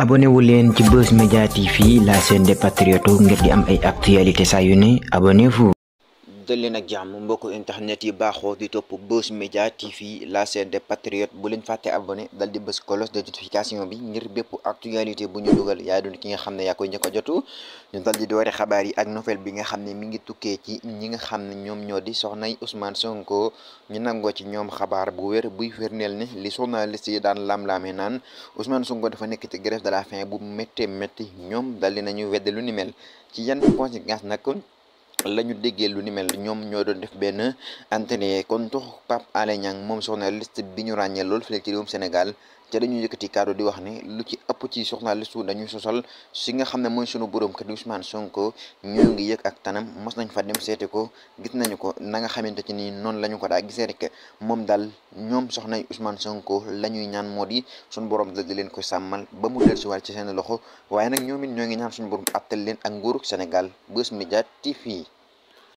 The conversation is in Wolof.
abonné wu leen ci Buzz Media TV la chaîne des patriotes ngir di am ay actualité saa yu ne dal leen nag jàmm mbokk internet yi baaxoo di topp Buzz Media TV la chaîne des patriotes bu leen fàtte abonné dal di bës cloche de notification bi ngir bépp actualité bu ñu dugal yaay doon ki nga xam ne yaa koy njëkk a jotu ñu dal di doore xabaar yi ak nouvelle bi nga xam ne mi ngi tukkee ci ñi nga xam ne ñoom ñoo di soxnay Ousmane Sonko ñu nangoo ci ñoom xabaar bu wér buy firndeel ne li journaliste yi daan lam-laame naan Ousmane sunko dafa nekk ci grève de la faim bu méttee métti ñoom dal di nañu wedde lu ni mel ci yan conséquence nag la ñu déggee lu ni mel ñoom ñoo doon def benn antenne contre Pape Alé Niang moom soxna journaliste bi ñu ràññee lool fii ci réewum Sénégal te dañu yëkkati kàddu di wax ne lu ci ëpp ci journaliste wu dañu sosal si nga xam ne mooy sunu borom kër Ousmane Sonko ñoo ngi yëg ak tanam mos nañ fa dem seeti ko gis nañu ko na nga xamante ci nii noonu la ko daa gisee rek moom daal ñoom soxna usman Sonko la ñuy ñaan moo di sunu borom da di leen ko sàmmal ba mu dellusiwaat ci seen loxo waaye nag ñoom it ñoo ngi ñaan sunu borom attal leen ak nguurug Sénégal Buzz Media TV